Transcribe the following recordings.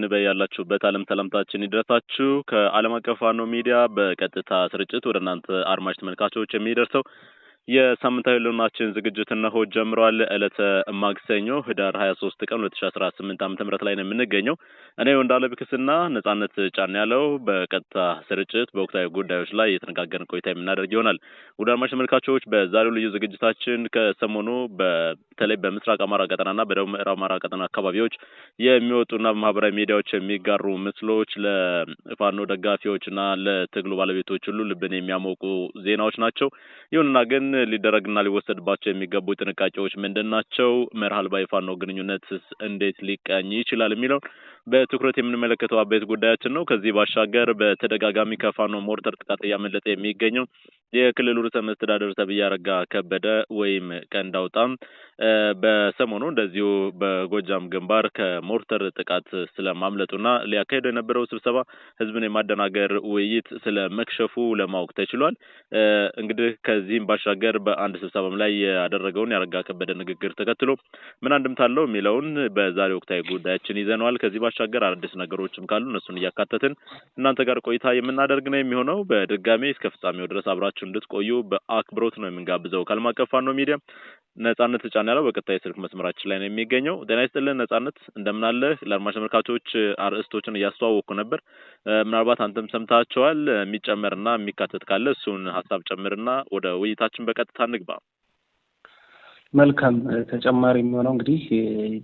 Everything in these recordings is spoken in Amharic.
እንበይ ያላችሁበት ዓለም ሰላምታችን ይድረሳችሁ። ከዓለም አቀፍ ፋኖ ሚዲያ በቀጥታ ስርጭት ወደ እናንተ አድማጭ ተመልካቾች የሚደርሰው የሳምንታዊ ልናችን ዝግጅት እነሆ ጀምሯል። ዕለተ ማክሰኞ ህዳር 23 ቀን 2018 ምረት ላይ ነው የምንገኘው። እኔ ወንዳለ ብክስና ነጻነት ጫን ያለው በቀጥታ ስርጭት በወቅታዊ ጉዳዮች ላይ የተነጋገርን ቆይታ የምናደርግ ይሆናል። ውድ አድማጭ ተመልካቾች በዛሬው ልዩ ዝግጅታችን ከሰሞኑ በተለይ በምስራቅ አማራ ቀጠናና በደቡብ ምዕራብ አማራ ቀጠና አካባቢዎች የሚወጡና በማህበራዊ ሚዲያዎች የሚጋሩ ምስሎች ለፋኖ ደጋፊዎችና ለትግሉ ባለቤቶች ሁሉ ልብን የሚያሞቁ ዜናዎች ናቸው። ይሁንና ግን ሊደረግና ሊወሰድባቸው የሚገቡ ጥንቃቄዎች ምንድን ናቸው? መርህ አልባ የፋኖ ግንኙነት እንዴት ሊቀኝ ይችላል? የሚለውን በትኩረት የምንመለከተው አበይት ጉዳያችን ነው። ከዚህ ባሻገር በተደጋጋሚ ከፋኖ ሞርተር ጥቃት እያመለጠ የሚገኘው የክልሉ ርዕሰ መስተዳደር አረጋ ከበደ ወይም ቀንዳውጣም በሰሞኑ እንደዚሁ በጎጃም ግንባር ከሞርተር ጥቃት ስለማምለጡና ሊያካሄዱ የነበረው ስብሰባ ህዝብን የማደናገር ውይይት ስለመክሸፉ ለማወቅ ተችሏል። እንግዲህ ከዚህም ባሻገር በአንድ ስብሰባም ላይ ያደረገውን ያረጋ ከበደ ንግግር ተከትሎ ምን አንድምታ አለው የሚለውን በዛሬ ወቅታዊ ጉዳያችን ይዘነዋል። ከዚህ ባሻገር አዳዲስ ነገሮችም ካሉ እነሱን እያካተትን እናንተ ጋር ቆይታ የምናደርግ ነው የሚሆነው። በድጋሜ እስከ ፍጻሜው ድረስ አብራችሁ እንድትቆዩ በአክብሮት ነው የምንጋብዘው። ከዓለም አቀፍ ፋኖ ሚዲያ ነጻነት ጫና ያለው በቀጣይ የስልክ መስመራችን ላይ ነው የሚገኘው። ጤና ይስጥልን ነጻነት፣ እንደምናለህ። ለአድማጭ ተመልካቾች አርዕስቶችን እያስተዋወቅኩ ነበር። ምናልባት አንተም ሰምታቸዋል። የሚጨመርና የሚካተት ካለ እሱን ሀሳብ ጨምርና ወደ ውይይታችን በቀጥታ እንግባ። መልካም። ተጨማሪ የሚሆነው እንግዲህ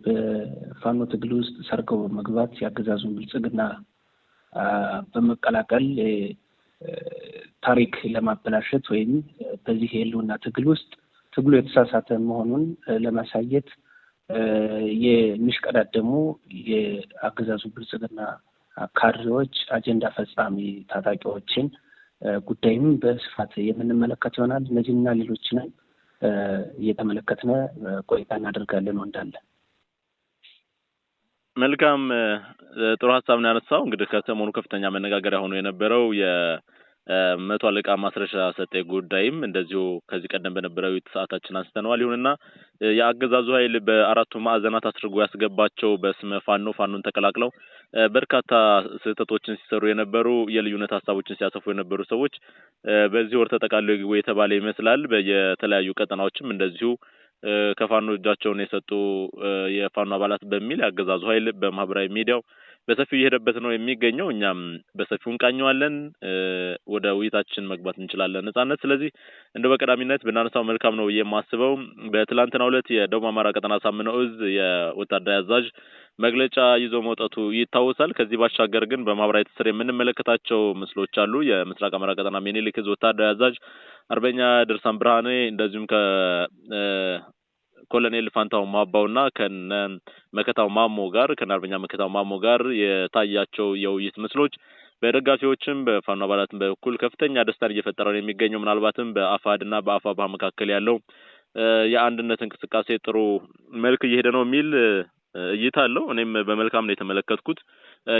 በፋኖ ትግል ውስጥ ሰርገው በመግባት የአገዛዙን ብልጽግና በመቀላቀል ታሪክ ለማበላሸት ወይም በዚህ የህልውና ትግል ውስጥ ትግሉ የተሳሳተ መሆኑን ለማሳየት የሚሽቀዳደሙ የአገዛዙ ብልጽግና ካድሬዎች፣ አጀንዳ ፈጻሚ ታጣቂዎችን ጉዳይም በስፋት የምንመለከት ይሆናል። እነዚህና ሌሎችንም እየተመለከትነ ቆይታ እናደርጋለን። ወንዳለን መልካም ጥሩ ሀሳብ ነው ያነሳው። እንግዲህ ከሰሞኑ ከፍተኛ መነጋገሪያ ሆኖ የነበረው መቶ አለቃ ማስረሻ ሰጠ ጉዳይም እንደዚሁ ከዚህ ቀደም በነበረው ሰዓታችን አንስተነዋል። ይሁንና የአገዛዙ ኃይል በአራቱ ማዕዘናት አስርጎ ያስገባቸው በስመ ፋኖ ፋኖን ተቀላቅለው በርካታ ስህተቶችን ሲሰሩ የነበሩ የልዩነት ሀሳቦችን ሲያሰፉ የነበሩ ሰዎች በዚህ ወር ተጠቃሉ የተባለ ይመስላል። የተለያዩ ቀጠናዎችም እንደዚሁ ከፋኖ እጃቸውን የሰጡ የፋኖ አባላት በሚል የአገዛዙ ኃይል በማህበራዊ ሚዲያው በሰፊው እየሄደበት ነው የሚገኘው። እኛም በሰፊው እንቃኘዋለን። ወደ ውይይታችን መግባት እንችላለን። ነጻነት፣ ስለዚህ እንደ በቀዳሚነት ብናነሳው መልካም ነው የማስበው። በትላንትናው ዕለት የደቡብ አማራ ቀጠና ሳምነው እዝ የወታደራዊ አዛዥ መግለጫ ይዞ መውጣቱ ይታወሳል። ከዚህ ባሻገር ግን በማህበራዊ ትስስር የምንመለከታቸው ምስሎች አሉ። የምስራቅ አማራ ቀጠና ምኒልክ እዝ ወታደራዊ አዛዥ አርበኛ ድርሳን ብርሃኔ እንደዚሁም ከ ኮሎኔል ፋንታው ማባውና ከነ መከታው ማሞ ጋር ከነ አርበኛ መከታው ማሞ ጋር የታያቸው የውይይት ምስሎች በደጋፊዎችም በፋኖ አባላትም በኩል ከፍተኛ ደስታን እየፈጠረ ነው የሚገኘው። ምናልባትም በአፋድና በአፋብኃ መካከል ያለው የአንድነት እንቅስቃሴ ጥሩ መልክ እየሄደ ነው የሚል እይታ አለው። እኔም በመልካም ነው የተመለከትኩት።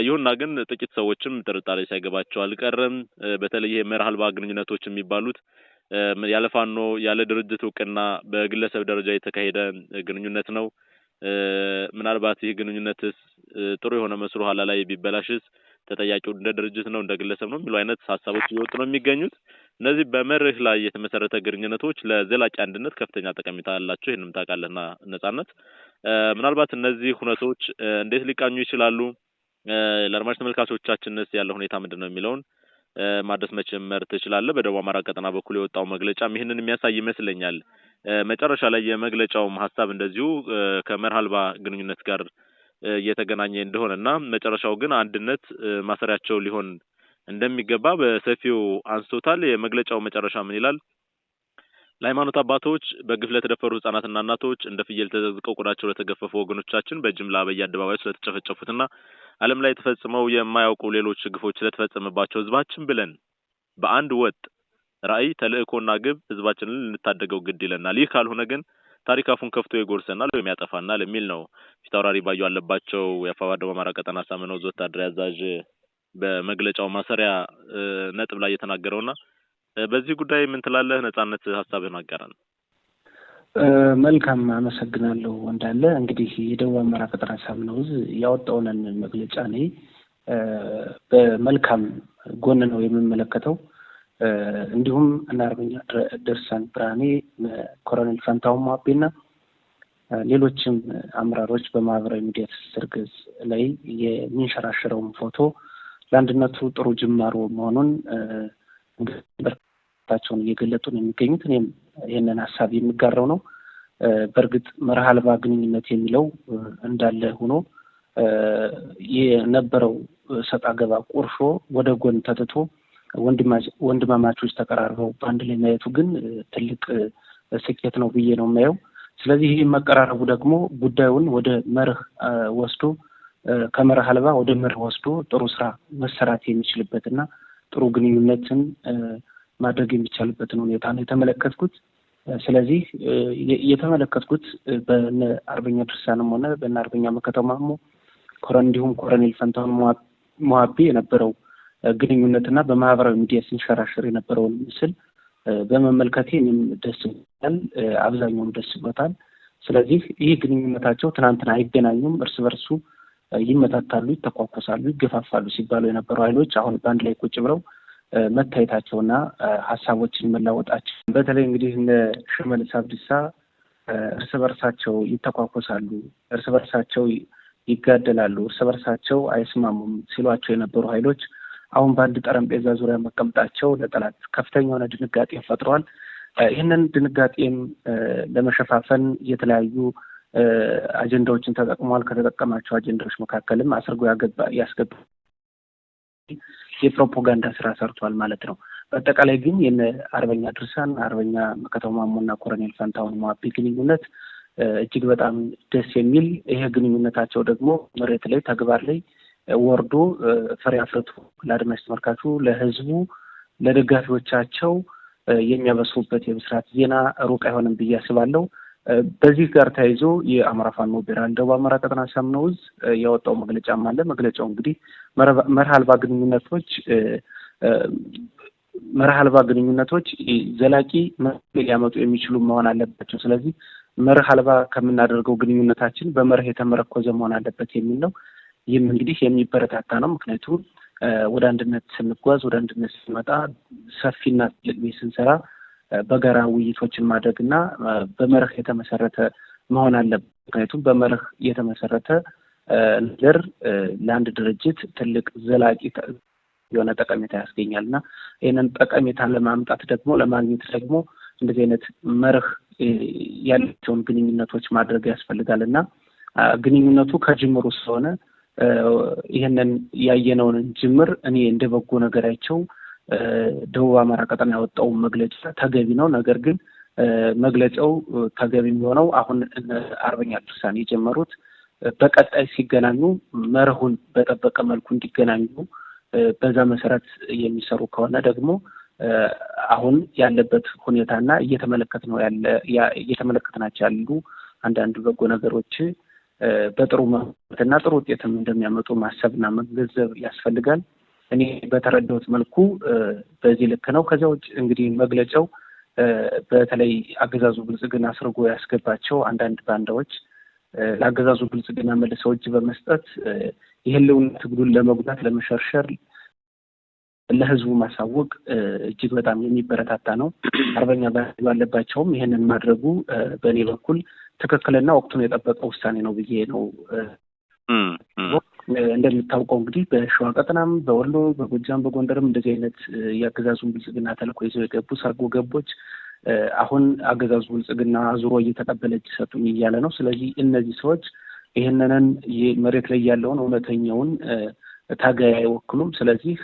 ይሁና ግን ጥቂት ሰዎችም ጥርጣሬ ሳይገባቸው አልቀረም። በተለይ ይሄ መርህ አልባ ግንኙነቶች የሚባሉት ያለ ፋኖ ያለ ድርጅት እውቅና በግለሰብ ደረጃ የተካሄደ ግንኙነት ነው። ምናልባት ይህ ግንኙነትስ ጥሩ የሆነ መስሎ ኋላ ላይ ቢበላሽስ ተጠያቂው እንደ ድርጅት ነው እንደ ግለሰብ ነው የሚሉ አይነት ሀሳቦች እየወጡ ነው የሚገኙት። እነዚህ በመርህ ላይ የተመሰረተ ግንኙነቶች ለዘላቂ አንድነት ከፍተኛ ጠቀሜታ አላቸው። ይህንም ታውቃለህና ነጻነት፣ ምናልባት እነዚህ ሁነቶች እንዴት ሊቃኙ ይችላሉ? ለአድማጭ ተመልካቾቻችንስ ያለ ሁኔታ ምንድን ነው የሚለውን ማድረስ መጀመር ትችላለ በደቡብ አማራ ቀጠና በኩል የወጣው መግለጫም ይህንን የሚያሳይ ይመስለኛል። መጨረሻ ላይ የመግለጫውም ሀሳብ እንደዚሁ ከመርህ አልባ ግንኙነት ጋር እየተገናኘ እንደሆነ እና መጨረሻው ግን አንድነት ማሰሪያቸው ሊሆን እንደሚገባ በሰፊው አንስቶታል። የመግለጫው መጨረሻ ምን ይላል? ለሃይማኖት አባቶች በግፍ ለተደፈሩ ህጻናትና እናቶች እንደ ፍየል ተዘቅዝቀው ቆዳቸው ለተገፈፉ ወገኖቻችን በጅምላ በየአደባባዮች ስለተጨፈጨፉትና ዓለም ላይ ተፈጽመው የማያውቁ ሌሎች ግፎች ስለተፈጸመባቸው ህዝባችን ብለን በአንድ ወጥ ራዕይ ተልእኮና ግብ ህዝባችንን ልንታደገው ግድ ይለናል። ይህ ካልሆነ ግን ታሪክ አፉን ከፍቶ ይጎርሰናል ወይም ያጠፋናል የሚል ነው ፊት ባዩ አለባቸው የአፋባ ደቡብ አማራ ቀጠና ሳምነው ወታደራዊ አዛዥ በመግለጫው ማሰሪያ ነጥብ ላይ የተናገረውና በዚህ ጉዳይ ምን ትላለህ? ነጻነት ሀሳብህን አጋራን። መልካም አመሰግናለሁ እንዳለ እንግዲህ የደቡብ አማራ ፈጠራ ሳምና ውዝ ያወጣውንን መግለጫ እኔ በመልካም ጎን ነው የምመለከተው። እንዲሁም እነ አርበኛ ደርሳን ብርሃኔ፣ ኮሎኔል ፈንታው ማቤና ሌሎችም አመራሮች በማህበራዊ ሚዲያ ትስስር ገጽ ላይ የሚንሸራሸረውን ፎቶ ለአንድነቱ ጥሩ ጅማሮ መሆኑን ታቸውን እየገለጡ ነው የሚገኙት። እኔም ይህንን ሀሳብ የሚጋራው ነው። በእርግጥ መርህ አልባ ግንኙነት የሚለው እንዳለ ሆኖ የነበረው ሰጥ አገባ ቆርሾ ወደ ጎን ተትቶ ወንድማማቾች ተቀራርበው በአንድ ላይ ማየቱ ግን ትልቅ ስኬት ነው ብዬ ነው የማየው። ስለዚህ ይህ መቀራረቡ ደግሞ ጉዳዩን ወደ መርህ ወስዶ ከመርህ አልባ ወደ መርህ ወስዶ ጥሩ ስራ መሰራት የሚችልበት እና ጥሩ ግንኙነትን ማድረግ የሚቻልበትን ሁኔታ ነው የተመለከትኩት። ስለዚህ የተመለከትኩት በነ አርበኛ ድርሳንም ሆነ በነ አርበኛ መከተው ማሞ እንዲሁም ኮረኔል ፈንታውን መዋቤ የነበረው ግንኙነትና በማህበራዊ ሚዲያ ሲንሸራሸር የነበረውን ምስል በመመልከቴ እኔም ደስ ይላል፣ አብዛኛውም ደስ ይሎታል። ስለዚህ ይህ ግንኙነታቸው ትናንትና አይገናኙም፣ እርስ በርሱ ይመታታሉ፣ ይተኳኮሳሉ፣ ይገፋፋሉ ሲባሉ የነበሩ ኃይሎች አሁን በአንድ ላይ ቁጭ ብለው መታየታቸውና ሀሳቦችን መላወጣቸው በተለይ እንግዲህ እነ ሽመልስ አብዲሳ እርስ በርሳቸው ይተኳኮሳሉ፣ እርስ በርሳቸው ይጋደላሉ፣ እርስ በርሳቸው አይስማሙም ሲሏቸው የነበሩ ኃይሎች አሁን በአንድ ጠረጴዛ ዙሪያ መቀመጣቸው ለጠላት ከፍተኛ የሆነ ድንጋጤ ፈጥሯል። ይህንን ድንጋጤም ለመሸፋፈን የተለያዩ አጀንዳዎችን ተጠቅሟል። ከተጠቀማቸው አጀንዳዎች መካከልም አስርጎ ያስገባ የፕሮፓጋንዳ ስራ ሰርቷል ማለት ነው። በአጠቃላይ ግን የነ አርበኛ ድርሳን አርበኛ መከተው ማሞና ኮረኔል ፈንታውን ማዋቤ ግንኙነት እጅግ በጣም ደስ የሚል ይሄ ግንኙነታቸው ደግሞ መሬት ላይ ተግባር ላይ ወርዶ ፍሬ አፍርቶ ለአድማጭ ተመልካቹ፣ ለህዝቡ፣ ለደጋፊዎቻቸው የሚያበስሩበት የምስራት ዜና ሩቅ አይሆንም ብዬ አስባለሁ። በዚህ ጋር ተያይዞ የአማራ ፋኖ ብሔራዊ ደቡብ አማራ ቀጠና ሳምነውዝ ያወጣው መግለጫም አለ። መግለጫው እንግዲህ መርህ አልባ ግንኙነቶች መርህ አልባ ግንኙነቶች ዘላቂ ሊያመጡ የሚችሉ መሆን አለባቸው። ስለዚህ መርህ አልባ ከምናደርገው ግንኙነታችን በመርህ የተመረኮዘ መሆን አለበት የሚል ነው። ይህም እንግዲህ የሚበረታታ ነው። ምክንያቱም ወደ አንድነት ስንጓዝ፣ ወደ አንድነት ስንመጣ፣ ሰፊና ትልቅ ቤት ስንሰራ በጋራ ውይይቶችን ማድረግ በመርህ የተመሰረተ መሆን አለበት። ምክንያቱም በመርህ የተመሰረተ ነገር ለአንድ ድርጅት ትልቅ ዘላቂ የሆነ ጠቀሜታ ያስገኛል እና ይህንን ጠቀሜታ ለማምጣት ደግሞ ለማግኘት ደግሞ እንደዚህ አይነት መርህ ያላቸውን ግንኙነቶች ማድረግ ያስፈልጋል እና ግንኙነቱ ከጅምሩ ስለሆነ ይህንን ያየነውን ጅምር እኔ እንደ በጎ ነገር አይቸው ደቡብ አማራ ቀጠና ያወጣው መግለጫ ተገቢ ነው። ነገር ግን መግለጫው ተገቢ የሚሆነው አሁን አርበኛ ድርሳን የጀመሩት በቀጣይ ሲገናኙ መርሁን በጠበቀ መልኩ እንዲገናኙ በዛ መሰረት የሚሰሩ ከሆነ ደግሞ አሁን ያለበት ሁኔታና እየተመለከት ነው ያለ እየተመለከትናቸው ያሉ አንዳንድ በጎ ነገሮች በጥሩ ና ጥሩ ውጤትም እንደሚያመጡ ማሰብና መገንዘብ ያስፈልጋል። እኔ በተረዳሁት መልኩ በዚህ ልክ ነው። ከዚያ ውጭ እንግዲህ መግለጫው በተለይ አገዛዙ ብልጽግና አስርጎ ያስገባቸው አንዳንድ ባንዳዎች ለአገዛዙ ብልጽግና መልሰው እጅ በመስጠት የህልውና ትግሉን ለመጉዳት ለመሸርሸር ለህዝቡ ማሳወቅ እጅግ በጣም የሚበረታታ ነው። አርበኛ ባለባቸውም ይህንን ማድረጉ በእኔ በኩል ትክክልና ወቅቱን የጠበቀ ውሳኔ ነው ብዬ ነው። እንደምታውቀው እንግዲህ በሸዋ ቀጠናም፣ በወሎ፣ በጎጃም፣ በጎንደርም እንደዚህ አይነት የአገዛዙን ብልጽግና ተልኮ ይዘው የገቡ ሰርጎ ገቦች አሁን አገዛዙ ብልጽግና ዙሮ እየተቀበለ እጅ እያለ ነው። ስለዚህ እነዚህ ሰዎች ይህንንን መሬት ላይ ያለውን እውነተኛውን ታጋይ አይወክሉም። ስለዚህ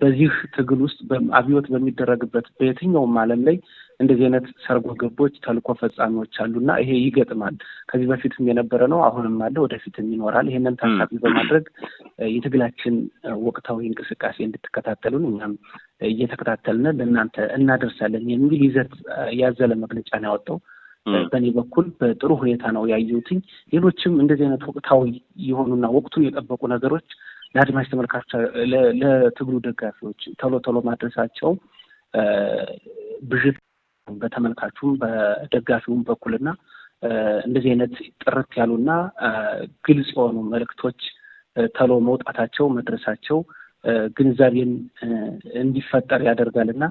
በዚህ ትግል ውስጥ አብዮት በሚደረግበት በየትኛውም ዓለም ላይ እንደዚህ አይነት ሰርጎ ገቦች ተልኮ ፈጻሚዎች አሉና ይሄ ይገጥማል። ከዚህ በፊትም የነበረ ነው፣ አሁንም አለ፣ ወደፊትም ይኖራል። ይህንን ታሳቢ በማድረግ የትግላችን ወቅታዊ እንቅስቃሴ እንድትከታተሉን እኛም እየተከታተልን ለእናንተ እናደርሳለን የሚል ይዘት ያዘለ መግለጫ ነው ያወጣው። በእኔ በኩል በጥሩ ሁኔታ ነው ያየሁትኝ። ሌሎችም እንደዚህ አይነት ወቅታዊ የሆኑና ወቅቱን የጠበቁ ነገሮች ለአድማጭ ተመልካቾች፣ ለትግሉ ደጋፊዎች ቶሎ ቶሎ ማድረሳቸው ብዥት በተመልካቹም በደጋፊውም በኩልና እንደዚህ አይነት ጥርት ያሉና ግልጽ የሆኑ መልእክቶች ተሎ መውጣታቸው መድረሳቸው ግንዛቤን እንዲፈጠር ያደርጋልና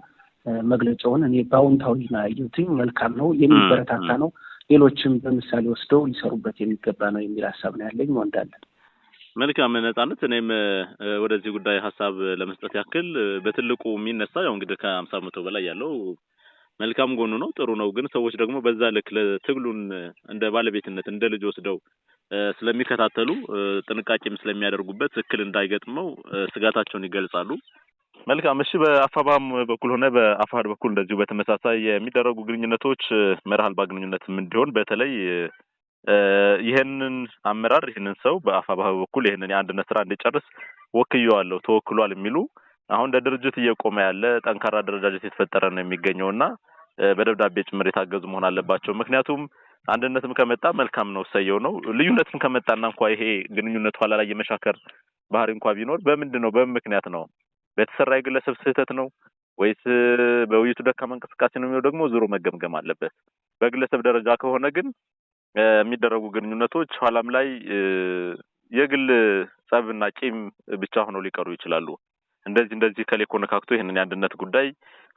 መግለጫውን እኔ በአዎንታዊ ያየሁትኝ መልካም ነው፣ የሚበረታታ ነው። ሌሎችም በምሳሌ ወስደው ሊሰሩበት የሚገባ ነው የሚል ሀሳብ ነው ያለኝ። ወንዳለን መልካም ነጻነት። እኔም ወደዚህ ጉዳይ ሀሳብ ለመስጠት ያክል በትልቁ የሚነሳ ያው እንግዲህ ከአምሳ መቶ በላይ ያለው መልካም ጎኑ ነው፣ ጥሩ ነው። ግን ሰዎች ደግሞ በዛ ልክ ለትግሉን እንደ ባለቤትነት እንደ ልጅ ወስደው ስለሚከታተሉ ጥንቃቄም ስለሚያደርጉበት እክል እንዳይገጥመው ስጋታቸውን ይገልጻሉ። መልካም እሺ። በአፋባም በኩል ሆነ በአፋድ በኩል እንደዚሁ በተመሳሳይ የሚደረጉ ግንኙነቶች መርህ አልባ ግንኙነትም እንዲሆን በተለይ ይህንን አመራር ይህንን ሰው በአፋባ በኩል ይህንን የአንድነት ስራ እንዲጨርስ ወክየዋለሁ ተወክሏል የሚሉ አሁን እንደ ድርጅት እየቆመ ያለ ጠንካራ አደረጃጀት የተፈጠረ ነው የሚገኘው እና በደብዳቤ ጭምር የታገዙ መሆን አለባቸው። ምክንያቱም አንድነትም ከመጣ መልካም ነው፣ ሰየው ነው። ልዩነትም ከመጣና እንኳ ይሄ ግንኙነት ኋላ ላይ የመሻከር ባህሪ እንኳ ቢኖር በምንድን ነው? በምን ምክንያት ነው? በተሰራ የግለሰብ ስህተት ነው ወይስ በውይይቱ ደካማ እንቅስቃሴ ነው የሚለው ደግሞ ዞሮ መገምገም አለበት። በግለሰብ ደረጃ ከሆነ ግን የሚደረጉ ግንኙነቶች ኋላም ላይ የግል ጸብና ቂም ብቻ ሆነው ሊቀሩ ይችላሉ። እንደዚህ እንደዚህ ከሌኮ ነካክቶ ይህንን የአንድነት ጉዳይ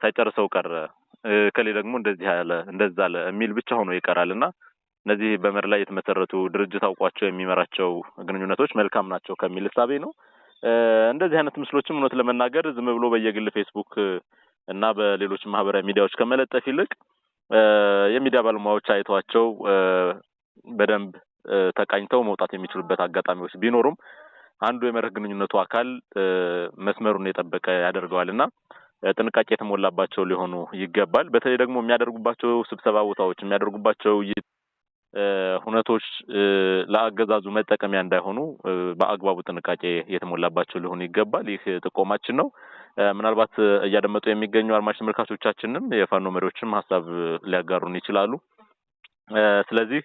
ሳይጨርሰው ቀረ ከሌ ደግሞ እንደዚህ ያለ እንደዛ አለ የሚል ብቻ ሆኖ ይቀራል እና እነዚህ በመርህ ላይ የተመሰረቱ ድርጅት አውቋቸው የሚመራቸው ግንኙነቶች መልካም ናቸው ከሚል እሳቤ ነው። እንደዚህ አይነት ምስሎችም እውነት ለመናገር ዝም ብሎ በየግል ፌስቡክ እና በሌሎች ማህበራዊ ሚዲያዎች ከመለጠፍ ይልቅ የሚዲያ ባለሙያዎች አይተዋቸው በደንብ ተቃኝተው መውጣት የሚችሉበት አጋጣሚዎች ቢኖሩም አንዱ የመርህ ግንኙነቱ አካል መስመሩን የጠበቀ ያደርገዋል እና ጥንቃቄ የተሞላባቸው ሊሆኑ ይገባል። በተለይ ደግሞ የሚያደርጉባቸው ስብሰባ ቦታዎች የሚያደርጉባቸው ሁነቶች ለአገዛዙ መጠቀሚያ እንዳይሆኑ በአግባቡ ጥንቃቄ የተሞላባቸው ሊሆኑ ይገባል። ይህ ጥቆማችን ነው። ምናልባት እያደመጡ የሚገኙ አድማጭ ተመልካቾቻችንም የፋኖ መሪዎችም ሀሳብ ሊያጋሩን ይችላሉ። ስለዚህ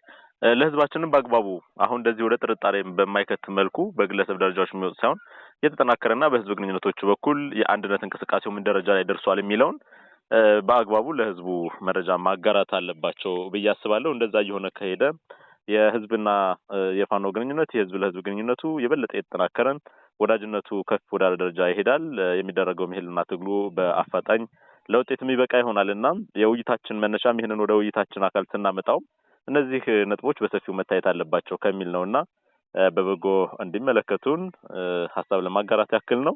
ለህዝባችንም በአግባቡ አሁን እንደዚህ ወደ ጥርጣሬ በማይከት መልኩ በግለሰብ ደረጃዎች የሚወጡ ሳይሆን የተጠናከረና በህዝብ ግንኙነቶቹ በኩል የአንድነት እንቅስቃሴው ምን ደረጃ ላይ ደርሷል የሚለውን በአግባቡ ለህዝቡ መረጃ ማጋራት አለባቸው ብዬ አስባለሁ። እንደዛ እየሆነ ከሄደ የህዝብና የፋኖ ግንኙነት የህዝብ ለህዝብ ግንኙነቱ የበለጠ የተጠናከረን ወዳጅነቱ ከፍ ወዳለ ደረጃ ይሄዳል። የሚደረገው የህልውና ትግሉ በአፋጣኝ ለውጤት የሚበቃ ይሆናል እና የውይይታችን መነሻም ይህንን ወደ ውይይታችን አካል ስናመጣውም እነዚህ ነጥቦች በሰፊው መታየት አለባቸው ከሚል ነው እና በበጎ እንዲመለከቱን ሀሳብ ለማጋራት ያክል ነው።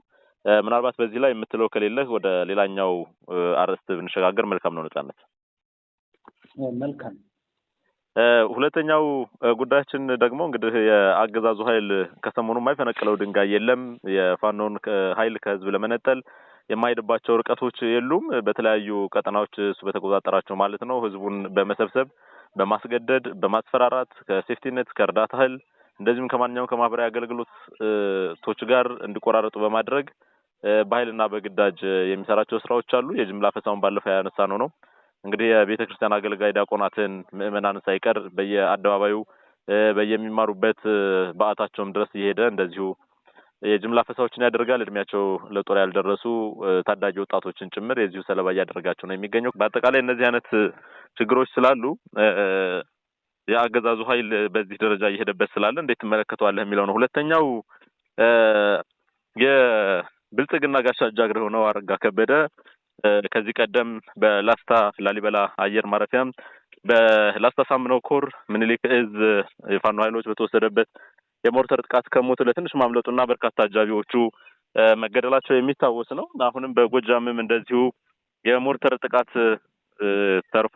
ምናልባት በዚህ ላይ የምትለው ከሌለህ ወደ ሌላኛው አርዕስት ብንሸጋገር መልካም ነው። ነጻነት፣ መልካም ሁለተኛው ጉዳያችን ደግሞ እንግዲህ የአገዛዙ ኃይል ከሰሞኑ የማይፈነቅለው ድንጋይ የለም። የፋኖን ኃይል ከህዝብ ለመነጠል የማይሄድባቸው ርቀቶች የሉም። በተለያዩ ቀጠናዎች እሱ በተቆጣጠራቸው ማለት ነው ህዝቡን በመሰብሰብ በማስገደድ፣ በማስፈራራት ከሴፍቲነት ከእርዳታ እህል እንደዚሁም ከማንኛውም ከማህበራዊ አገልግሎቶች ጋር እንዲቆራረጡ በማድረግ በኃይልና በግዳጅ የሚሰራቸው ስራዎች አሉ። የጅምላ ፈሳውን ባለፈው ያነሳ ነው። እንግዲህ የቤተ ክርስቲያን አገልጋይ ዲያቆናትን፣ ምእመናን ሳይቀር በየአደባባዩ በየሚማሩበት በዓታቸውም ድረስ እየሄደ እንደዚሁ የጅምላ ፈሳዎችን ያደርጋል። እድሜያቸው ለጦር ያልደረሱ ታዳጊ ወጣቶችን ጭምር የዚሁ ሰለባ እያደረጋቸው ነው የሚገኘው። በአጠቃላይ እነዚህ አይነት ችግሮች ስላሉ የአገዛዙ ኃይል በዚህ ደረጃ እየሄደበት ስላለ እንዴት ትመለከተዋለህ የሚለው ነው። ሁለተኛው የብልጽግና ጋሻ ጃግሬ የሆነው አረጋ ከበደ ከዚህ ቀደም በላስታ ላሊበላ አየር ማረፊያም በላስታ ሳምነው ኮር ምኒልክ እዝ የፋኖ ኃይሎች በተወሰደበት የሞርተር ጥቃት ከሞት ለትንሽ ማምለጡና በርካታ አጃቢዎቹ መገደላቸው የሚታወስ ነው። አሁንም በጎጃምም እንደዚሁ የሞርተር ጥቃት ተርፎ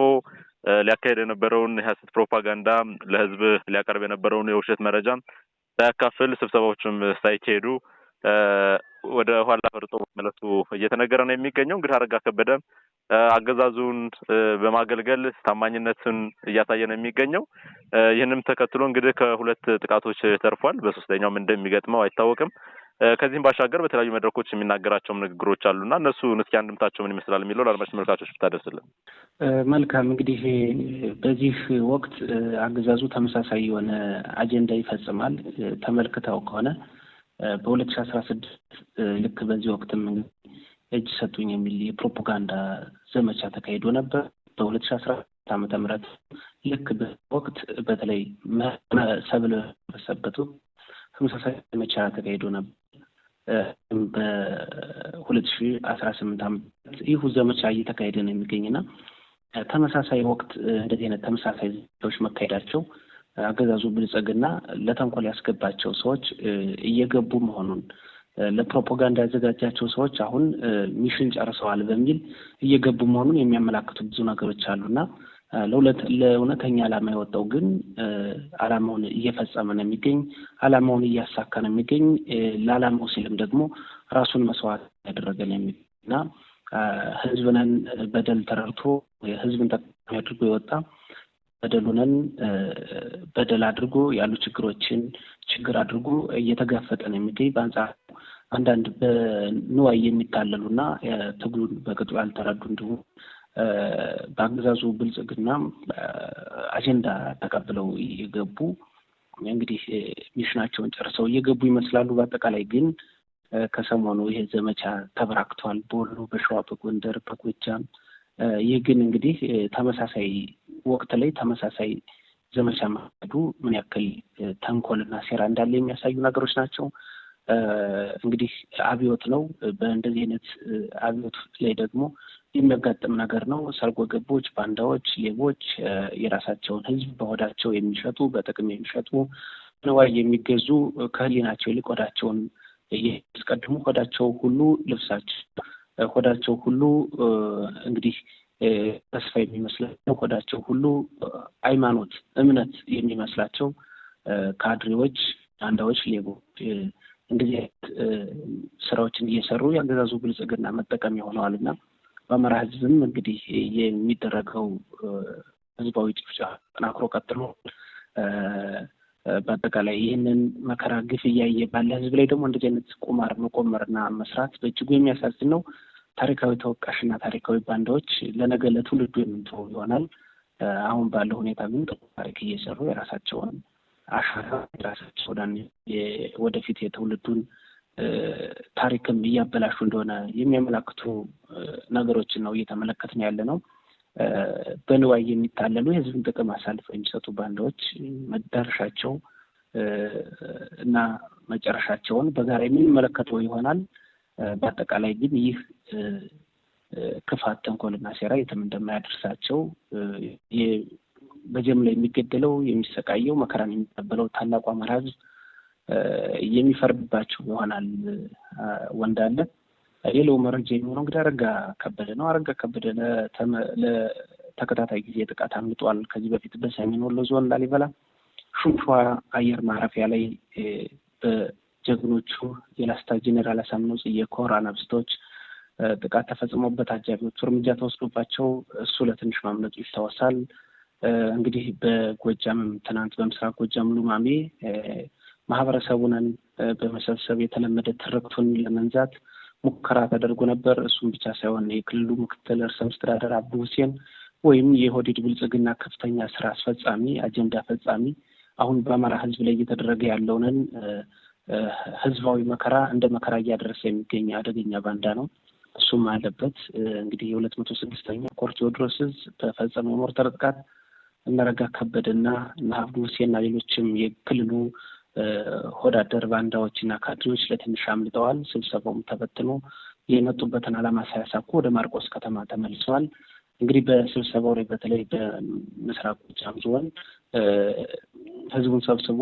ሊያካሄድ የነበረውን የሀሰት ፕሮፓጋንዳ ለህዝብ ሊያቀርብ የነበረውን የውሸት መረጃ ሳያካፍል ስብሰባዎችም ሳይካሄዱ ወደ ኋላ ፈርጦ መለሱ እየተነገረ ነው የሚገኘው። እንግዲህ አረጋ ከበደ አገዛዙን በማገልገል ታማኝነትን እያሳየ ነው የሚገኘው። ይህንም ተከትሎ እንግዲህ ከሁለት ጥቃቶች ተርፏል። በሶስተኛውም እንደሚገጥመው አይታወቅም። ከዚህም ባሻገር በተለያዩ መድረኮች የሚናገራቸውም ንግግሮች አሉና እነሱ እስኪ አንድምታቸው ምን ይመስላል የሚለው ለአድማጭ ተመልካቾች ብታደርስልን መልካም። እንግዲህ በዚህ ወቅት አገዛዙ ተመሳሳይ የሆነ አጀንዳ ይፈጽማል። ተመልክተው ከሆነ በሁለት ሺ አስራ ስድስት ልክ በዚህ ወቅትም እጅ ሰጡኝ የሚል የፕሮፓጋንዳ ዘመቻ ተካሂዶ ነበር። በሁለት ሺ አስራ ስድስት ዓመተ ምህረት ልክ ወቅት በተለይ ሰብል በሰበቱ ተመሳሳይ ዘመቻ ተካሂዶ ነበር። በሁለት ሺ አስራ ስምንት ዓመት ይሁ ዘመቻ እየተካሄደ ነው የሚገኝና ተመሳሳይ ወቅት እንደዚህ አይነት ተመሳሳይ ዘመቻዎች መካሄዳቸው አገዛዙ ብልጽግና ለተንኮል ያስገባቸው ሰዎች እየገቡ መሆኑን ለፕሮፓጋንዳ ያዘጋጃቸው ሰዎች አሁን ሚሽን ጨርሰዋል በሚል እየገቡ መሆኑን የሚያመላክቱ ብዙ ነገሮች አሉና ለሁለት ለእውነተኛ ዓላማ የወጣው ግን ዓላማውን እየፈጸመ ነው የሚገኝ፣ ዓላማውን እያሳካ ነው የሚገኝ። ለዓላማው ሲልም ደግሞ ራሱን መስዋዕት ያደረገ ነው የሚገኝ እና ህዝብነን በደል ተረድቶ ህዝብን ተጠቃሚ አድርጎ የወጣ በደሉነን በደል አድርጎ ያሉ ችግሮችን ችግር አድርጎ እየተጋፈጠ ነው የሚገኝ። በአንጻር አንዳንድ በንዋይ የሚታለሉ እና ትግሉን በቅጡ ያልተረዱ እንዲሁም በአገዛዙ ብልጽግና አጀንዳ ተቀብለው እየገቡ እንግዲህ ሚሽናቸውን ጨርሰው እየገቡ ይመስላሉ። በአጠቃላይ ግን ከሰሞኑ ይሄ ዘመቻ ተበራክቷል። በወሎ፣ በሸዋ፣ በጎንደር፣ በጎጃም ይህ ግን እንግዲህ ተመሳሳይ ወቅት ላይ ተመሳሳይ ዘመቻ ማዱ ምን ያክል ተንኮልና ሴራ እንዳለ የሚያሳዩ ነገሮች ናቸው። እንግዲህ አብዮት ነው። በእንደዚህ አይነት አብዮት ላይ ደግሞ የሚያጋጥም ነገር ነው። ሰርጎ ገቦች፣ ባንዳዎች፣ ሌቦች የራሳቸውን ህዝብ በሆዳቸው የሚሸጡ በጥቅም የሚሸጡ ንዋይ የሚገዙ ከሕሊናቸው ይልቅ ሆዳቸውን የሚያስቀድሙ ሆዳቸው ሁሉ ልብሳቸው ሆዳቸው ሁሉ እንግዲህ ተስፋ የሚመስላቸው ሆዳቸው ሁሉ ሃይማኖት፣ እምነት የሚመስላቸው ካድሬዎች፣ አንዳዎች፣ ሌቦች እንደዚህ አይነት ስራዎችን እየሰሩ የአገዛዙ ብልጽግና መጠቀም ሆነዋል እና በአማራ ህዝብም እንግዲህ የሚደረገው ህዝባዊ ጭፍጫ ጠናክሮ ቀጥሎ በአጠቃላይ ይህንን መከራ ግፍ እያየ ባለ ህዝብ ላይ ደግሞ እንደዚህ አይነት ቁማር መቆመርና መስራት በእጅጉ የሚያሳዝን ነው። ታሪካዊ ተወቃሽና ታሪካዊ ባንዳዎች ለነገ ለትውልዱ የምንተው ይሆናል። አሁን ባለው ሁኔታ ግን ጥሩ ታሪክ እየሰሩ የራሳቸውን አሻራ የራሳቸው ወደፊት የትውልዱን ታሪክም እያበላሹ እንደሆነ የሚያመላክቱ ነገሮችን ነው እየተመለከትን ያለ ነው። በንዋይ የሚታለሉ የህዝብን ጥቅም አሳልፈው የሚሰጡ ባንዳዎች መዳረሻቸው እና መጨረሻቸውን በጋራ የምንመለከተው ይሆናል። በአጠቃላይ ግን ይህ ክፋት፣ ተንኮልና ሴራ የትም እንደማያደርሳቸው በጀምላ የሚገደለው የሚሰቃየው መከራን የሚቀበለው ታላቁ አማራ ህዝብ የሚፈርድባቸው ይሆናል። ወንዳለ ሌላው መረጃ የሚሆነው እንግዲህ አረጋ ከበደ ነው። አረጋ ከበደ ለተከታታይ ጊዜ ጥቃት አምልጧል። ከዚህ በፊት በሰሜን ወሎ ዞን ላሊበላ ሹምሿ አየር ማረፊያ ላይ በጀግኖቹ የላስታ ጄኔራል አሳምነው ጽጌ ኮር አናብስቶች ጥቃት ተፈጽሞበት አጃቢዎቹ እርምጃ ተወስዶባቸው እሱ ለትንሽ ማምለጡ ይታወሳል። እንግዲህ በጎጃም ትናንት በምስራቅ ጎጃም ሉማሜ ማህበረሰቡንን በመሰብሰብ የተለመደ ትርክቱን ለመንዛት ሙከራ ተደርጎ ነበር። እሱም ብቻ ሳይሆን የክልሉ ምክትል ርዕሰ መስተዳደር አብዱ ሁሴን ወይም የኦህዴድ ብልጽግና ከፍተኛ ስራ አስፈጻሚ አጀንዳ ፈጻሚ አሁን በአማራ ህዝብ ላይ እየተደረገ ያለውንን ህዝባዊ መከራ እንደ መከራ እያደረሰ የሚገኝ አደገኛ ባንዳ ነው። እሱም አለበት እንግዲህ የሁለት መቶ ስድስተኛ ኮር ቴዎድሮስ በፈጸመው የሞርተር ጥቃት እነ አረጋ ከበደና እነ ሀብዱ ሁሴንና ሌሎችም የክልሉ ሆዳደር ባንዳዎች እና ካድሬዎች ለትንሽ አምልጠዋል። ስብሰባውም ተበትኖ የመጡበትን ዓላማ ሳያሳኩ ወደ ማርቆስ ከተማ ተመልሰዋል። እንግዲህ በስብሰባው ላይ በተለይ በምስራቅ ጎጃም ዞን ህዝቡን ሰብስቦ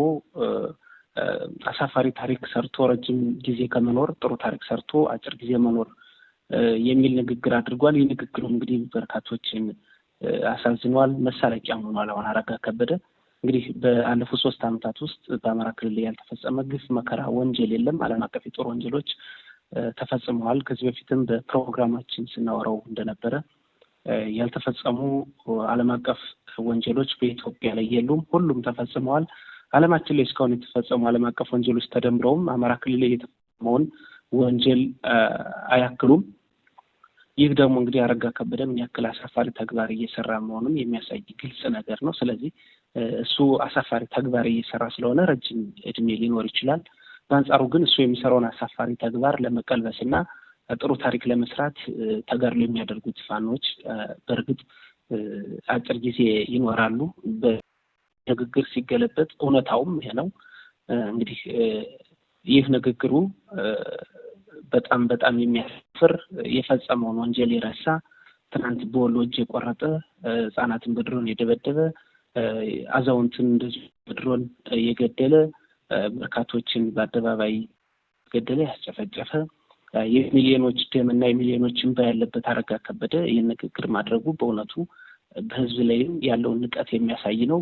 አሳፋሪ ታሪክ ሰርቶ ረጅም ጊዜ ከመኖር ጥሩ ታሪክ ሰርቶ አጭር ጊዜ መኖር የሚል ንግግር አድርጓል። ይህ ንግግሩ እንግዲህ በርካቶችን አሳዝኗል፣ መሳለቂያ ሆኗል። አሁን አረጋ ከበደ እንግዲህ በአለፉት ሶስት ዓመታት ውስጥ በአማራ ክልል ያልተፈጸመ ግፍ፣ መከራ፣ ወንጀል የለም። ዓለም አቀፍ የጦር ወንጀሎች ተፈጽመዋል። ከዚህ በፊትም በፕሮግራማችን ስናወራው እንደነበረ ያልተፈጸሙ ዓለም አቀፍ ወንጀሎች በኢትዮጵያ ላይ የሉም፣ ሁሉም ተፈጽመዋል። ዓለማችን ላይ እስካሁን የተፈጸሙ ዓለም አቀፍ ወንጀሎች ተደምረውም አማራ ክልል ላይ የተፈጸመውን ወንጀል አያክሉም። ይህ ደግሞ እንግዲህ አረጋ ከበደ ምን ያክል አሳፋሪ ተግባር እየሰራ መሆኑን የሚያሳይ ግልጽ ነገር ነው። ስለዚህ እሱ አሳፋሪ ተግባር እየሰራ ስለሆነ ረጅም እድሜ ሊኖር ይችላል። በአንጻሩ ግን እሱ የሚሰራውን አሳፋሪ ተግባር ለመቀልበስ እና ጥሩ ታሪክ ለመስራት ተጋድሎ የሚያደርጉት ፋኖች በእርግጥ አጭር ጊዜ ይኖራሉ። በንግግር ሲገለበጥ እውነታውም ይሄ ነው። እንግዲህ ይህ ንግግሩ በጣም በጣም የሚያሳፍር የፈጸመውን ወንጀል የረሳ ትናንት በወሎ እጅ የቆረጠ ህጻናትን በድሮን የደበደበ አዛውንትን እንደዚሁ በድሮን የገደለ በርካቶችን በአደባባይ ገደለ ያስጨፈጨፈ የሚሊዮኖች ደም እና የሚሊዮኖች እንባ ያለበት አረጋ ከበደ ይህን ንግግር ማድረጉ በእውነቱ በህዝብ ላይም ያለውን ንቀት የሚያሳይ ነው።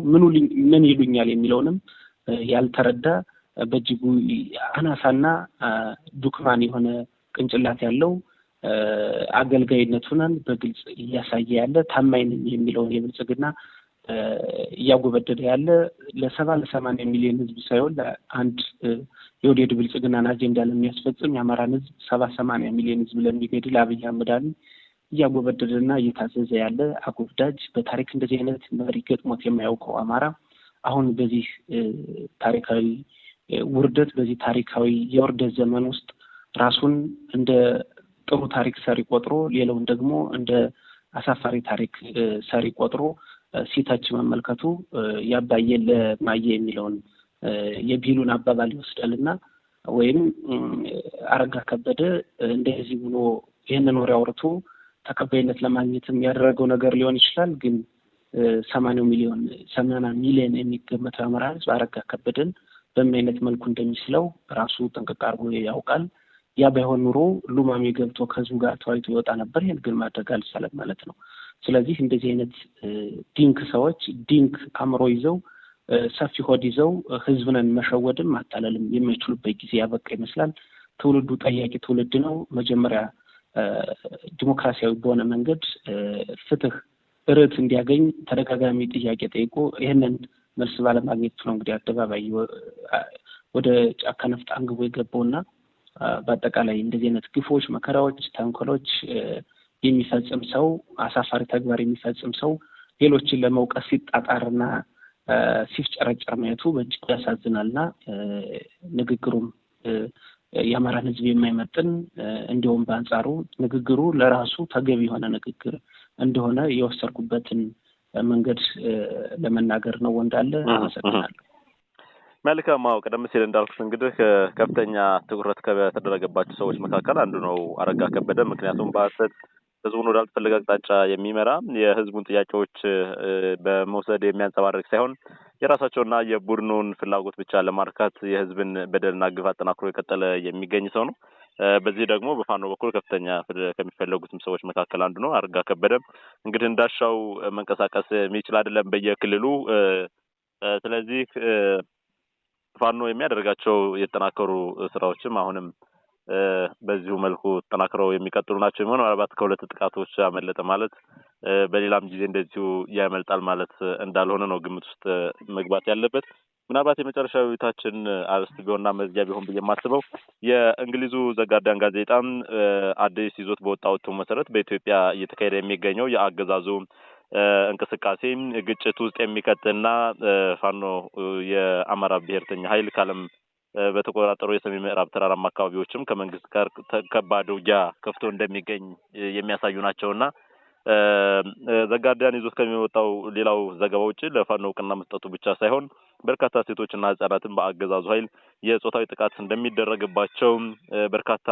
ምን ይሉኛል የሚለውንም ያልተረዳ በእጅጉ አናሳና ዱክማን የሆነ ቅንጭላት ያለው አገልጋይነቱን በግልጽ እያሳየ ያለ ታማኝ ነኝ የሚለውን የብልጽግና እያጎበደደ ያለ ለሰባ ለሰማንያ ሚሊዮን ህዝብ ሳይሆን ለአንድ የወዴድ ብልጽግናን አጀንዳ ለሚያስፈጽም የአማራን ህዝብ ሰባ ሰማንያ ሚሊዮን ህዝብ ለሚገድል አብይ አህመዳን እያጎበደደና እየታዘዘ ያለ አጎብዳጅ፣ በታሪክ እንደዚህ አይነት መሪ ገጥሞት የማያውቀው አማራ አሁን በዚህ ታሪካዊ ውርደት በዚህ ታሪካዊ የውርደት ዘመን ውስጥ ራሱን እንደ ጥሩ ታሪክ ሰሪ ቆጥሮ ሌላውን ደግሞ እንደ አሳፋሪ ታሪክ ሰሪ ቆጥሮ ሲታች መመልከቱ ያባየ ለማየ የሚለውን የቢሉን አባባል ይወስዳልና ወይም አረጋ ከበደ እንደዚህ ብሎ ይህንን ወሬ አውርቶ ተቀባይነት ለማግኘትም ያደረገው ነገር ሊሆን ይችላል። ግን ሰማንያው ሚሊዮን ሰማንያ ሚሊዮን የሚገመተው አማራ ህዝብ አረጋ ከበደን በምን አይነት መልኩ እንደሚስለው ራሱ ጠንቅቅ አድርጎ ያውቃል። ያ ባይሆን ኑሮ ሉማሜ ገብቶ ከህዝቡ ጋር ተዋይቶ ይወጣ ነበር። ይህን ግን ማድረግ አልቻለም ማለት ነው። ስለዚህ እንደዚህ አይነት ዲንክ ሰዎች ዲንክ አእምሮ ይዘው ሰፊ ሆድ ይዘው ህዝብነን መሸወድም ማታለልም የማይችሉበት ጊዜ ያበቃ ይመስላል። ትውልዱ ጠያቂ ትውልድ ነው። መጀመሪያ ዲሞክራሲያዊ በሆነ መንገድ ፍትህ፣ ርት እንዲያገኝ ተደጋጋሚ ጥያቄ ጠይቆ ይህንን መልስ ባለማግኘቱ ነው እንግዲህ አደባባይ ወደ ጫካ ነፍጥ አንግቦ የገባውና በአጠቃላይ እንደዚህ አይነት ግፎች፣ መከራዎች፣ ተንኮሎች የሚፈጽም ሰው አሳፋሪ ተግባር የሚፈጽም ሰው ሌሎችን ለመውቀስ ሲጣጣርና ሲፍጨረጨር ማየቱ በእጅግ ያሳዝናልና ንግግሩም የአማራን ሕዝብ የማይመጥን እንዲሁም በአንጻሩ ንግግሩ ለራሱ ተገቢ የሆነ ንግግር እንደሆነ የወሰድኩበትን መንገድ ለመናገር ነው። ወንዳለ አመሰግናለሁ። መልካም አዎ ቀደም ሲል እንዳልኩት እንግዲህ ከፍተኛ ትኩረት ከተደረገባቸው ሰዎች መካከል አንዱ ነው አረጋ ከበደ። ምክንያቱም በሀሰት ህዝቡን ወዳልተፈለገ አቅጣጫ የሚመራ የህዝቡን ጥያቄዎች በመውሰድ የሚያንጸባርቅ ሳይሆን የራሳቸውና የቡድኑን ፍላጎት ብቻ ለማርካት የህዝብን በደልና ግፍ አጠናክሮ የቀጠለ የሚገኝ ሰው ነው። በዚህ ደግሞ በፋኖ በኩል ከፍተኛ ከሚፈለጉትም ሰዎች መካከል አንዱ ነው። አረጋ ከበደም እንግዲህ እንዳሻው መንቀሳቀስ የሚችል አይደለም በየክልሉ። ስለዚህ ፋኖ የሚያደርጋቸው የተጠናከሩ ስራዎችም አሁንም በዚሁ መልኩ ተጠናክረው የሚቀጥሉ ናቸው የሚሆን ምናልባት ከሁለት ጥቃቶች ያመለጠ ማለት በሌላም ጊዜ እንደዚሁ ያመልጣል ማለት እንዳልሆነ ነው ግምት ውስጥ መግባት ያለበት። ምናልባት የመጨረሻዊታችን አርዕስት ቢሆንና መዝጊያ ቢሆን ብዬ የማስበው የእንግሊዙ ዘጋዳን ጋዜጣም አዲስ ይዞት በወጣው እትሙ መሰረት በኢትዮጵያ እየተካሄደ የሚገኘው የአገዛዙ እንቅስቃሴ ግጭት ውስጥ የሚቀጥልና ፋኖ የአማራ ብሔርተኛ ኃይል ካለም በተቆጣጠሩ የሰሜን ምዕራብ ተራራማ አካባቢዎችም ከመንግስት ጋር ከባድ ውጊያ ከፍቶ እንደሚገኝ የሚያሳዩ ናቸውና ዘጋርዲያን ይዞት ከሚወጣው ሌላው ዘገባ ውጭ ለፋኖ እውቅና መስጠቱ ብቻ ሳይሆን በርካታ ሴቶችና ህጻናትን በአገዛዙ ኃይል የጾታዊ ጥቃት እንደሚደረግባቸው በርካታ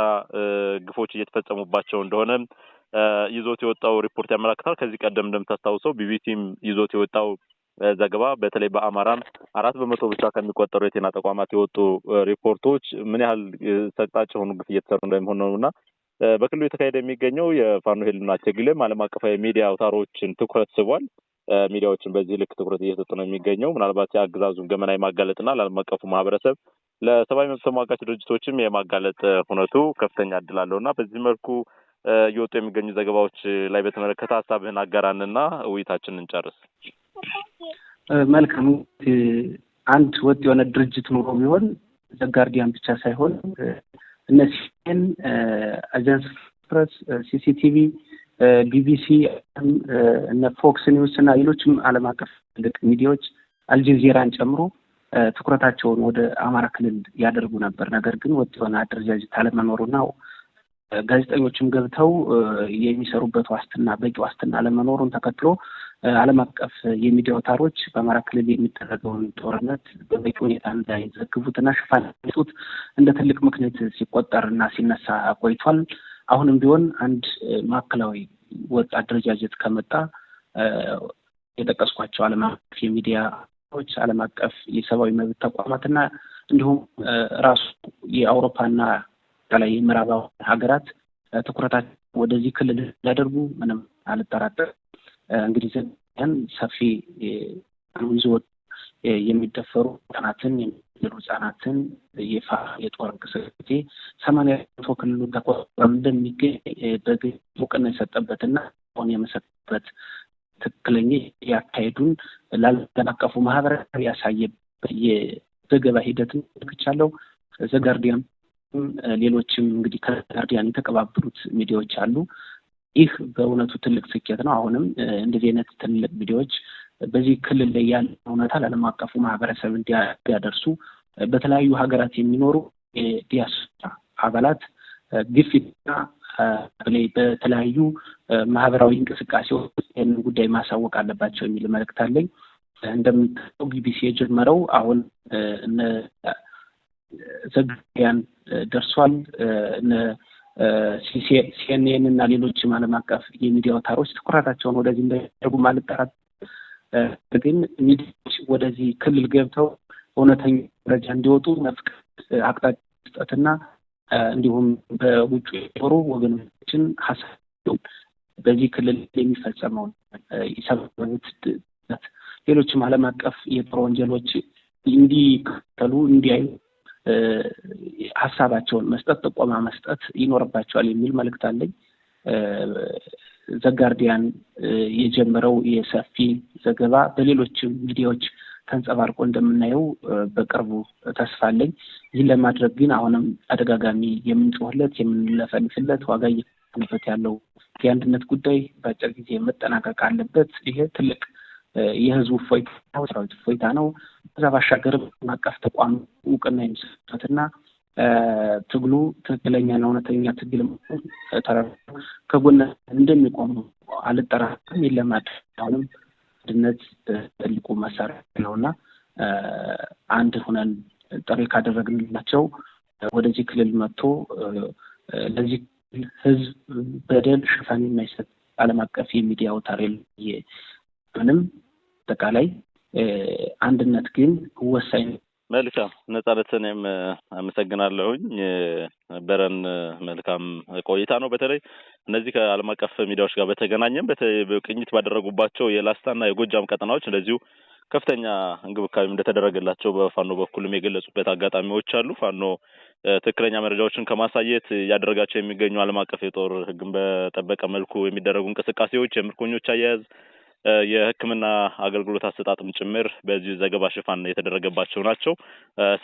ግፎች እየተፈጸሙባቸው እንደሆነ ይዞት የወጣው ሪፖርት ያመላክታል። ከዚህ ቀደም እንደምታስታውሰው ቢቢሲም ይዞት የወጣው ዘገባ በተለይ በአማራም አራት በመቶ ብቻ ከሚቆጠሩ የጤና ተቋማት የወጡ ሪፖርቶች ምን ያህል ሰቅጣጭ የሆኑ ግፍ እየተሰሩ እንደሚሆን ነው እና በክልሉ የተካሄደ የሚገኘው የፋኖ ሄልና ትግልም ዓለም አቀፋዊ ሚዲያ አውታሮችን ትኩረት ስቧል። ሚዲያዎችን በዚህ ልክ ትኩረት እየሰጡ ነው የሚገኘው። ምናልባት የአገዛዙን ገመና የማጋለጥና ለዓለም አቀፉ ማህበረሰብ ለሰብአዊ መብት ተሟጋች ድርጅቶችም የማጋለጥ ሁነቱ ከፍተኛ እድል አለው እና በዚህ መልኩ እየወጡ የሚገኙ ዘገባዎች ላይ በተመለከተ ሀሳብህን አጋራንና ውይይታችንን እንጨርስ። መልካም። አንድ ወጥ የሆነ ድርጅት ኑሮ ቢሆን ዘጋርዲያን ብቻ ሳይሆን እነ ሲኤን፣ አጃንስ ፕረስ፣ ሲሲቲቪ ቢቢሲ እነ ፎክስ ኒውስ እና ሌሎችም ዓለም አቀፍ ትልቅ ሚዲያዎች አልጀዚራን ጨምሮ ትኩረታቸውን ወደ አማራ ክልል ያደርጉ ነበር። ነገር ግን ወጥ የሆነ አደረጃጀት አለመኖሩና ጋዜጠኞችም ገብተው የሚሰሩበት ዋስትና በቂ ዋስትና አለመኖሩን ተከትሎ ዓለም አቀፍ የሚዲያ አውታሮች በአማራ ክልል የሚደረገውን ጦርነት በበቂ ሁኔታ እንዳይዘግቡትና ሽፋን ጡት እንደ ትልቅ ምክንያት ሲቆጠር እና ሲነሳ ቆይቷል። አሁንም ቢሆን አንድ ማዕከላዊ ወጥ አደረጃጀት ከመጣ የጠቀስኳቸው ዓለም አቀፍ የሚዲያ ች ዓለም አቀፍ የሰብአዊ መብት ተቋማትና እንዲሁም ራሱ የአውሮፓና ላይ የምዕራባ ሀገራት ትኩረታቸው ወደዚህ ክልል ሊያደርጉ ምንም አልጠራጠር። እንግዲህ ሰፊ ይዞ የሚደፈሩ ህጻናትን የሚገሉ ህጻናትን የፋ የጦር እንቅስቃሴ ሰማንያ መቶ ክልሉ ተቆጠረ እንደሚገኝ በግልጽ እውቅና የሰጠበትና ሆን የመሰጠበት ትክክለኛ ያካሄዱን ለዓለም አቀፉ ማህበረሰብ ያሳየበት የዘገባ ሂደት ልክቻለው። ዘጋርዲያን ሌሎችም እንግዲህ ከጋርዲያን የተቀባበሉት ሚዲያዎች አሉ። ይህ በእውነቱ ትልቅ ስኬት ነው። አሁንም እንደዚህ አይነት ትልቅ ሚዲያዎች በዚህ ክልል ላይ ያለ እውነታ ለዓለም አቀፉ ማህበረሰብ እንዲያደርሱ በተለያዩ ሀገራት የሚኖሩ የዲያስፖራ አባላት ግፊትና በተለይ በተለያዩ ማህበራዊ እንቅስቃሴዎች ይህንን ጉዳይ ማሳወቅ አለባቸው የሚል መልእክት አለኝ። እንደምታውቀው ቢቢሲ የጀመረው አሁን እነ ዘጋቢያን ደርሷል። እነ ሲኤንኤን እና ሌሎችም ዓለም አቀፍ የሚዲያ አውታሮች ትኩረታቸውን ወደዚህ እንዳያደርጉ ማልጠራት ግን ሚዲያዎች ወደዚህ ክልል ገብተው እውነተኛ መረጃ እንዲወጡ መፍቀድ አቅጣጫ መስጠትና እንዲሁም በውጭ የኖሩ ወገኖችን ሀሳብ በዚህ ክልል የሚፈጸመውን የሰብአዊነት ሌሎችም ዓለም አቀፍ የጦር ወንጀሎች እንዲከተሉ እንዲያዩ ሀሳባቸውን መስጠት ጥቆማ መስጠት ይኖርባቸዋል የሚል መልእክት አለኝ። ዘጋርዲያን የጀመረው የሰፊ ዘገባ በሌሎችም ሚዲያዎች ተንጸባርቆ እንደምናየው በቅርቡ ተስፋ አለኝ። ይህን ለማድረግ ግን አሁንም አደጋጋሚ የምንጮህለት የምንለፈልፍለት ዋጋ እየበት ያለው የአንድነት ጉዳይ በአጭር ጊዜ መጠናቀቅ አለበት። ይሄ ትልቅ የህዝቡ ፎይታ ነው፣ ሰራዊት ፎይታ ነው። ከዛ ባሻገርም ማቀፍ ተቋም እውቅና የሚሰጡበትና ትግሉ ትክክለኛና እውነተኛ ትግል ተረ ከጎነ እንደሚቆሙ አልጠራም። የለማድ አሁንም አንድነት ትልቁ መሳሪያ ነውና አንድ ሁነን ጥሪ ካደረግንላቸው ወደዚህ ክልል መጥቶ ለዚህ ክልል ህዝብ በደል ሽፋን የማይሰጥ ዓለም አቀፍ የሚዲያ አውታር ምንም አጠቃላይ አንድነት ግን ወሳኝ መልካም ነጻነትንም አመሰግናለሁኝ። በረን መልካም ቆይታ ነው። በተለይ እነዚህ ከዓለም አቀፍ ሚዲያዎች ጋር በተገናኘም ቅኝት ባደረጉባቸው የላስታና የጎጃም ቀጠናዎች እንደዚሁ ከፍተኛ እንክብካቤም እንደተደረገላቸው በፋኖ በኩልም የገለጹበት አጋጣሚዎች አሉ። ፋኖ ትክክለኛ መረጃዎችን ከማሳየት እያደረጋቸው የሚገኙ ዓለም አቀፍ የጦር ሕግን በጠበቀ መልኩ የሚደረጉ እንቅስቃሴዎች፣ የምርኮኞች አያያዝ የሕክምና አገልግሎት አሰጣጥም ጭምር በዚህ ዘገባ ሽፋን የተደረገባቸው ናቸው።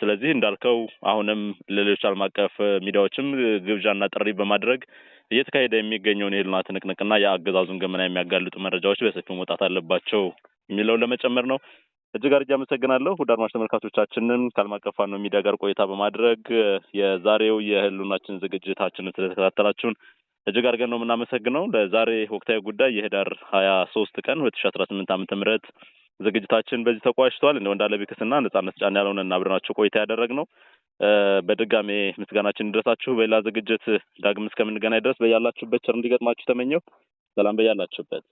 ስለዚህ እንዳልከው አሁንም ለሌሎች ዓለም አቀፍ ሚዲያዎችም ግብዣና ጥሪ በማድረግ እየተካሄደ የሚገኘውን የህልውና ትንቅንቅና የአገዛዙን ገመና የሚያጋልጡ መረጃዎች በሰፊው መውጣት አለባቸው የሚለውን ለመጨመር ነው። እጅግ አርጌ አመሰግናለሁ። ውድ አድማጭ ተመልካቾቻችንን ከዓለም አቀፍ ፋኖ ሚዲያ ጋር ቆይታ በማድረግ የዛሬው የህልናችን ዝግጅታችንን ስለተከታተላችሁን እጅግ አድርገን ነው የምናመሰግነው። ለዛሬ ወቅታዊ ጉዳይ የህዳር ሀያ ሶስት ቀን ሁለት ሺ አስራ ስምንት ዓመተ ምህረት ዝግጅታችን በዚህ ተቋጭቷል። እንደ ወንዳለ ቤክስና ነጻነት ጫን ያለውን እናብረናቸው ቆይታ ነው። በድጋሜ ምስጋናችን እንድረሳችሁ። በሌላ ዝግጅት ዳግም እስከምንገናኝ ድረስ በያላችሁበት ቸር እንዲገጥማችሁ ተመኘው። ሰላም በያላችሁበት